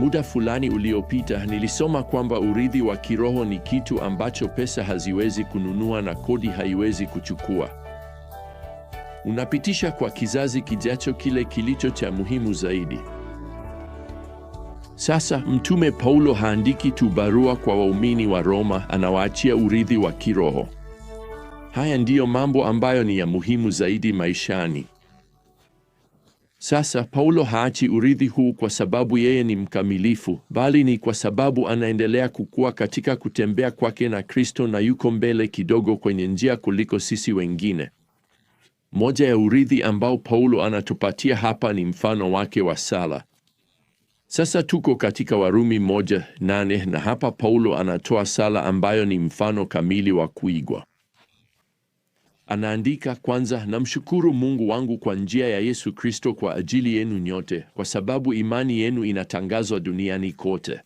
Muda fulani uliopita nilisoma kwamba urithi wa kiroho ni kitu ambacho pesa haziwezi kununua na kodi haiwezi kuchukua. Unapitisha kwa kizazi kijacho kile kilicho cha muhimu zaidi. Sasa Mtume Paulo haandiki tu barua kwa waumini wa Roma, anawaachia urithi wa kiroho. Haya ndiyo mambo ambayo ni ya muhimu zaidi maishani. Sasa Paulo haachi urithi huu kwa sababu yeye ni mkamilifu, bali ni kwa sababu anaendelea kukua katika kutembea kwake na Kristo na yuko mbele kidogo kwenye njia kuliko sisi wengine. Moja ya urithi ambao Paulo anatupatia hapa ni mfano wake wa sala. Sasa tuko katika Warumi moja nane na hapa Paulo anatoa sala ambayo ni mfano kamili wa kuigwa. Anaandika, kwanza namshukuru Mungu wangu kwa njia ya Yesu Kristo kwa ajili yenu nyote, kwa sababu imani yenu inatangazwa duniani kote.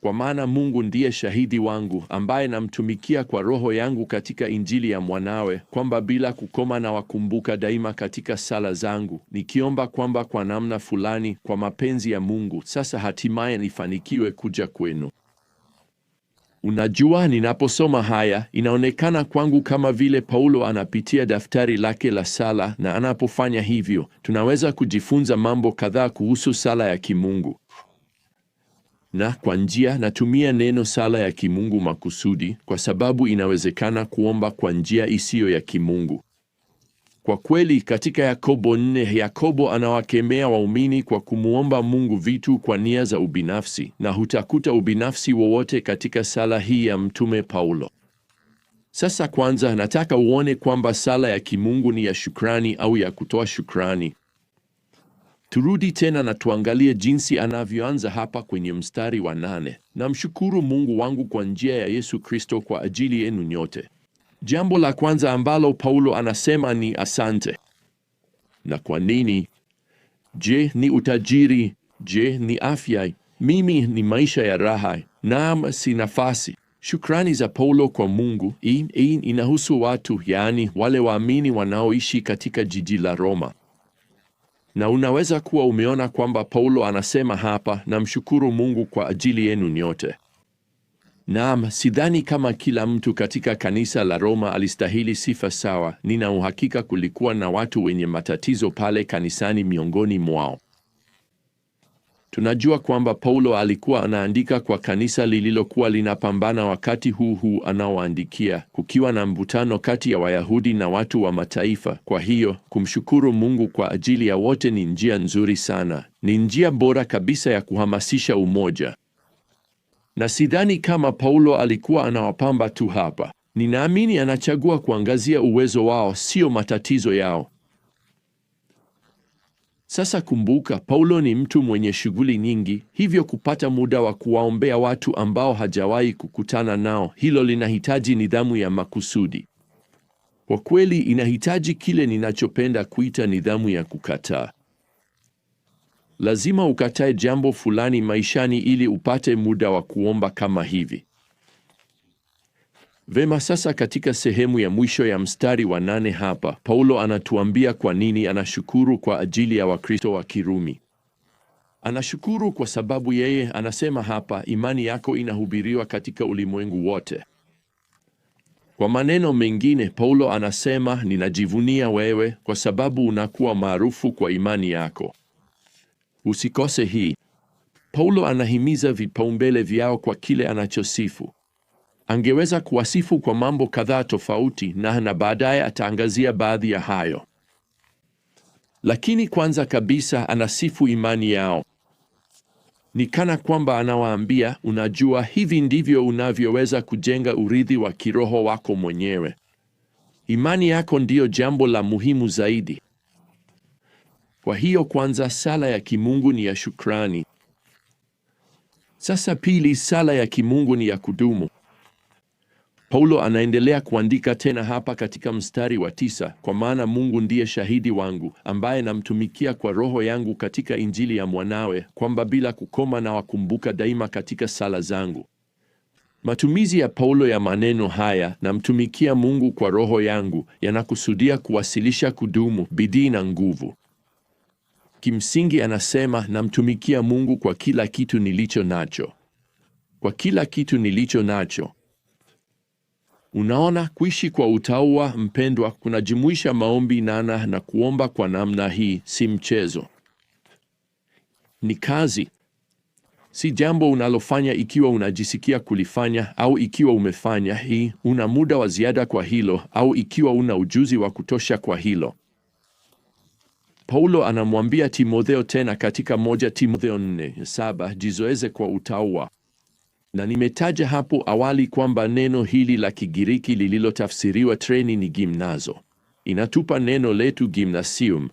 Kwa maana Mungu ndiye shahidi wangu, ambaye namtumikia kwa roho yangu katika Injili ya mwanawe, kwamba bila kukoma na wakumbuka daima katika sala zangu, nikiomba kwamba kwa namna fulani, kwa mapenzi ya Mungu, sasa hatimaye nifanikiwe kuja kwenu. Unajua, ninaposoma haya inaonekana kwangu kama vile Paulo anapitia daftari lake la sala, na anapofanya hivyo tunaweza kujifunza mambo kadhaa kuhusu sala ya kimungu. Na kwa njia, natumia neno sala ya kimungu makusudi, kwa sababu inawezekana kuomba kwa njia isiyo ya kimungu. Kwa kweli katika Yakobo 4 Yakobo anawakemea waumini kwa kumwomba Mungu vitu kwa nia za ubinafsi, na hutakuta ubinafsi wowote katika sala hii ya mtume Paulo. Sasa kwanza, nataka uone kwamba sala ya kimungu ni ya shukrani au ya kutoa shukrani. Turudi tena na tuangalie jinsi anavyoanza hapa kwenye mstari wa nane: namshukuru Mungu wangu kwa njia ya Yesu Kristo kwa ajili yenu nyote. Jambo la kwanza ambalo Paulo anasema ni asante. Na kwa nini? Je, ni utajiri? Je, ni afya? Mimi ni maisha ya raha. Naam, si nafasi. Shukrani za Paulo kwa Mungu. Hii inahusu watu, yaani wale waamini wanaoishi katika jiji la Roma. Na unaweza kuwa umeona kwamba Paulo anasema hapa, namshukuru Mungu kwa ajili yenu nyote. Naam, sidhani kama kila mtu katika kanisa la Roma alistahili sifa sawa. Nina uhakika kulikuwa na watu wenye matatizo pale kanisani miongoni mwao. Tunajua kwamba Paulo alikuwa anaandika kwa kanisa lililokuwa linapambana wakati huu huu anaoandikia, kukiwa na mvutano kati ya Wayahudi na watu wa mataifa. Kwa hiyo, kumshukuru Mungu kwa ajili ya wote ni njia nzuri sana. Ni njia bora kabisa ya kuhamasisha umoja na sidhani kama Paulo alikuwa anawapamba tu hapa. Ninaamini anachagua kuangazia uwezo wao, sio matatizo yao. Sasa kumbuka, Paulo ni mtu mwenye shughuli nyingi, hivyo kupata muda wa kuwaombea watu ambao hajawahi kukutana nao, hilo linahitaji nidhamu ya makusudi. Kwa kweli, inahitaji kile ninachopenda kuita nidhamu ya kukataa. Lazima ukatae jambo fulani maishani ili upate muda wa kuomba kama hivi. Vema, sasa katika sehemu ya mwisho ya mstari wa nane hapa Paulo anatuambia kwa nini anashukuru kwa ajili ya Wakristo wa Kirumi. Anashukuru kwa sababu yeye anasema hapa, imani yako inahubiriwa katika ulimwengu wote. Kwa maneno mengine, Paulo anasema, ninajivunia wewe kwa sababu unakuwa maarufu kwa imani yako. Usikose hii. Paulo anahimiza vipaumbele vyao kwa kile anachosifu. Angeweza kuwasifu kwa mambo kadhaa tofauti, na na baadaye ataangazia baadhi ya hayo, lakini kwanza kabisa anasifu imani yao. Ni kana kwamba anawaambia, unajua, hivi ndivyo unavyoweza kujenga urithi wa kiroho wako mwenyewe. Imani yako ndiyo jambo la muhimu zaidi. Kwa hiyo kwanza, sala ya kimungu ni ya shukrani. Sasa pili, sala ya kimungu ni ya kudumu. Paulo anaendelea kuandika tena hapa katika mstari wa tisa, kwa maana Mungu ndiye shahidi wangu ambaye namtumikia kwa roho yangu katika Injili ya mwanawe, kwamba bila kukoma na wakumbuka daima katika sala zangu. Matumizi ya Paulo ya maneno haya namtumikia Mungu kwa roho yangu yanakusudia kuwasilisha kudumu, bidii na nguvu. Kimsingi anasema namtumikia Mungu kwa kila kitu nilicho nacho, kwa kila kitu nilicho nacho. Unaona, kuishi kwa utauwa, mpendwa, kunajumuisha maombi nana na kuomba kwa namna hii. Si mchezo, ni kazi, si jambo unalofanya ikiwa unajisikia kulifanya au ikiwa umefanya hii, una muda wa ziada kwa hilo au ikiwa una ujuzi wa kutosha kwa hilo. Paulo anamwambia Timotheo tena katika moja Timotheo 4:7 jizoeze kwa utaua. Na nimetaja hapo awali kwamba neno hili la Kigiriki lililotafsiriwa treni ni gimnazo. Inatupa neno letu gymnasium.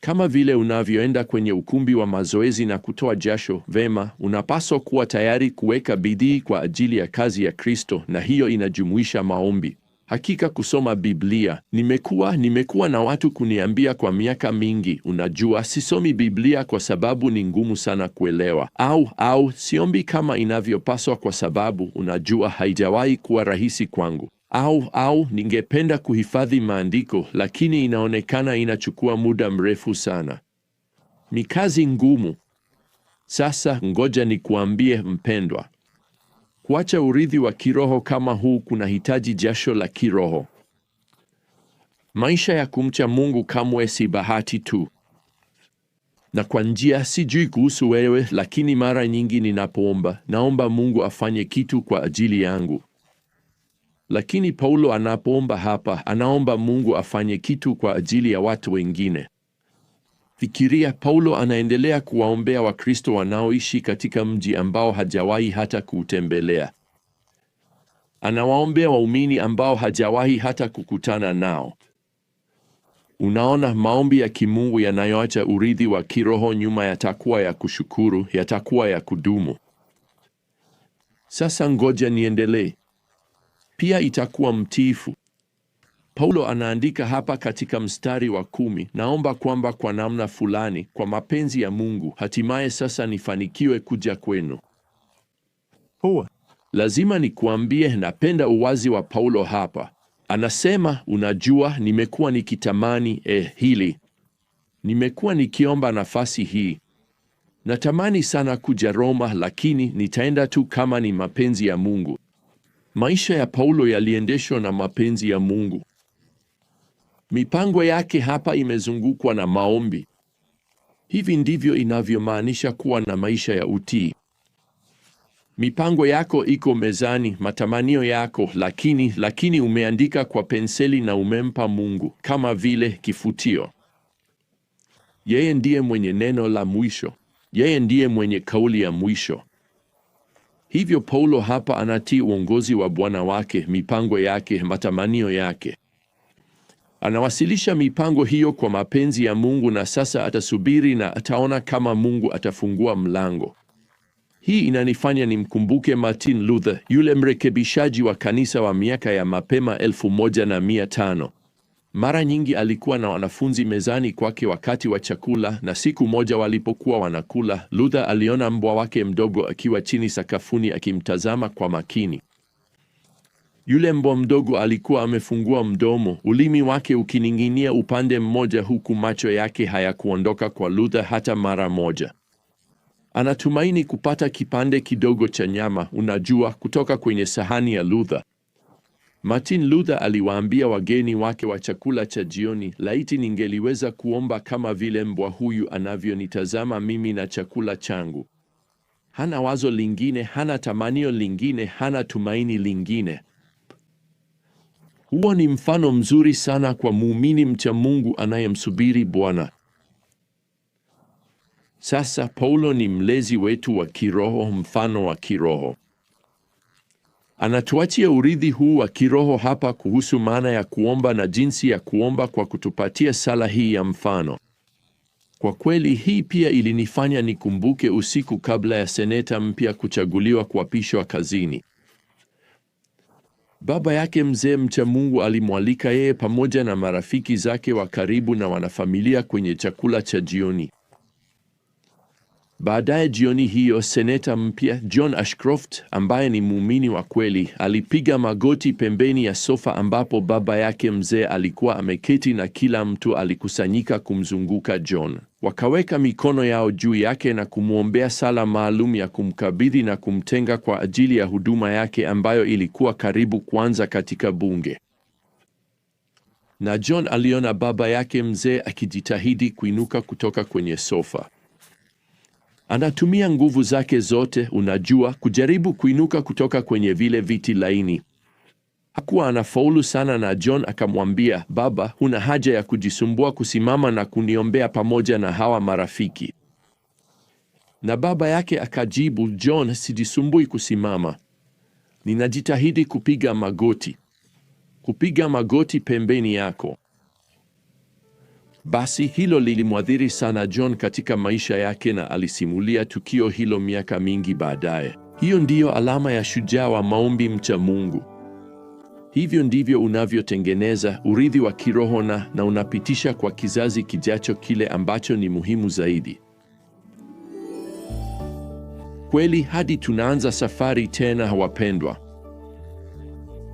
Kama vile unavyoenda kwenye ukumbi wa mazoezi na kutoa jasho, vema, unapaswa kuwa tayari kuweka bidii kwa ajili ya kazi ya Kristo, na hiyo inajumuisha maombi. Hakika kusoma Biblia, nimekuwa nimekuwa na watu kuniambia kwa miaka mingi, unajua, sisomi Biblia kwa sababu ni ngumu sana kuelewa, au au siombi kama inavyopaswa kwa sababu, unajua, haijawahi kuwa rahisi kwangu, au au ningependa kuhifadhi maandiko, lakini inaonekana inachukua muda mrefu sana, ni kazi ngumu. Sasa ngoja nikuambie mpendwa, Kuacha urithi wa kiroho kama huu kunahitaji jasho la kiroho. Maisha ya kumcha Mungu kamwe si bahati tu. Na kwa njia, sijui kuhusu wewe, lakini mara nyingi ninapoomba, naomba Mungu afanye kitu kwa ajili yangu. Lakini Paulo anapoomba hapa, anaomba Mungu afanye kitu kwa ajili ya watu wengine. Fikiria Paulo anaendelea kuwaombea Wakristo wanaoishi katika mji ambao hajawahi hata kuutembelea. Anawaombea waumini ambao hajawahi hata kukutana nao. Unaona, maombi ya kimungu yanayoacha urithi wa kiroho nyuma yatakuwa ya kushukuru, yatakuwa ya kudumu. Sasa ngoja niendelee. Pia itakuwa mtiifu. Paulo anaandika hapa katika mstari wa kumi, naomba kwamba kwa namna fulani, kwa mapenzi ya Mungu, hatimaye sasa nifanikiwe kuja kwenu. Huwa lazima nikuambie, napenda uwazi wa Paulo hapa. Anasema, unajua, nimekuwa nikitamani eh, hili nimekuwa nikiomba nafasi hii. Natamani sana kuja Roma, lakini nitaenda tu kama ni mapenzi ya Mungu. Maisha ya Paulo yaliendeshwa na mapenzi ya Mungu. Mipango yake hapa imezungukwa na maombi. Hivi ndivyo inavyomaanisha kuwa na maisha ya utii. Mipango yako iko mezani, matamanio yako, lakini lakini umeandika kwa penseli na umempa Mungu kama vile kifutio. Yeye ndiye mwenye neno la mwisho. Yeye ndiye mwenye kauli ya mwisho. Hivyo Paulo hapa anatii uongozi wa Bwana wake, mipango yake, matamanio yake. Anawasilisha mipango hiyo kwa mapenzi ya Mungu na sasa atasubiri na ataona kama Mungu atafungua mlango. Hii inanifanya nimkumbuke Martin Luther, yule mrekebishaji wa kanisa wa miaka ya mapema 1500. Mara nyingi alikuwa na wanafunzi mezani kwake wakati wa chakula, na siku moja walipokuwa wanakula, Luther aliona mbwa wake mdogo akiwa chini sakafuni akimtazama kwa makini. Yule mbwa mdogo alikuwa amefungua mdomo, ulimi wake ukining'inia upande mmoja, huku macho yake hayakuondoka kwa Luther hata mara moja. Anatumaini kupata kipande kidogo cha nyama, unajua, kutoka kwenye sahani ya Luther. Martin Luther aliwaambia wageni wake wa chakula cha jioni, laiti ningeliweza kuomba kama vile mbwa huyu anavyonitazama mimi na chakula changu. Hana wazo lingine, hana tamanio lingine, hana tumaini lingine huwa ni mfano mzuri sana kwa muumini mcha Mungu anayemsubiri Bwana. Sasa Paulo ni mlezi wetu wa kiroho, mfano wa kiroho. Anatuachia urithi huu wa kiroho hapa kuhusu maana ya kuomba na jinsi ya kuomba kwa kutupatia sala hii ya mfano. Kwa kweli hii pia ilinifanya nikumbuke usiku kabla ya seneta mpya kuchaguliwa kuapishwa kazini. Baba yake mzee mcha Mungu alimwalika yeye pamoja na marafiki zake wa karibu na wanafamilia kwenye chakula cha jioni. Baadaye jioni hiyo, seneta mpya John Ashcroft ambaye ni muumini wa kweli alipiga magoti pembeni ya sofa ambapo baba yake mzee alikuwa ameketi na kila mtu alikusanyika kumzunguka John wakaweka mikono yao juu yake na kumwombea sala maalum ya kumkabidhi na kumtenga kwa ajili ya huduma yake ambayo ilikuwa karibu kuanza katika bunge. Na John aliona baba yake mzee akijitahidi kuinuka kutoka kwenye sofa. Anatumia nguvu zake zote, unajua, kujaribu kuinuka kutoka kwenye vile viti laini. Hakuwa anafaulu sana na John akamwambia, baba, huna haja ya kujisumbua kusimama na kuniombea pamoja na hawa marafiki. Na baba yake akajibu, John, sijisumbui kusimama, ninajitahidi kupiga magoti, kupiga magoti pembeni yako. Basi hilo lilimwathiri sana John katika maisha yake, na alisimulia tukio hilo miaka mingi baadaye. Hiyo ndiyo alama ya shujaa wa maombi mcha Mungu. Hivyo ndivyo unavyotengeneza urithi wa kiroho na na unapitisha kwa kizazi kijacho kile ambacho ni muhimu zaidi. Kweli hadi tunaanza safari tena, wapendwa.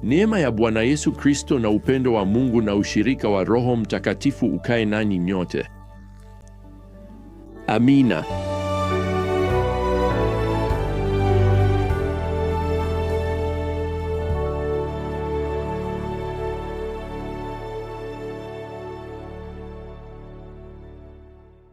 Neema ya Bwana Yesu Kristo na upendo wa Mungu na ushirika wa Roho Mtakatifu ukae nanyi nyote. Amina.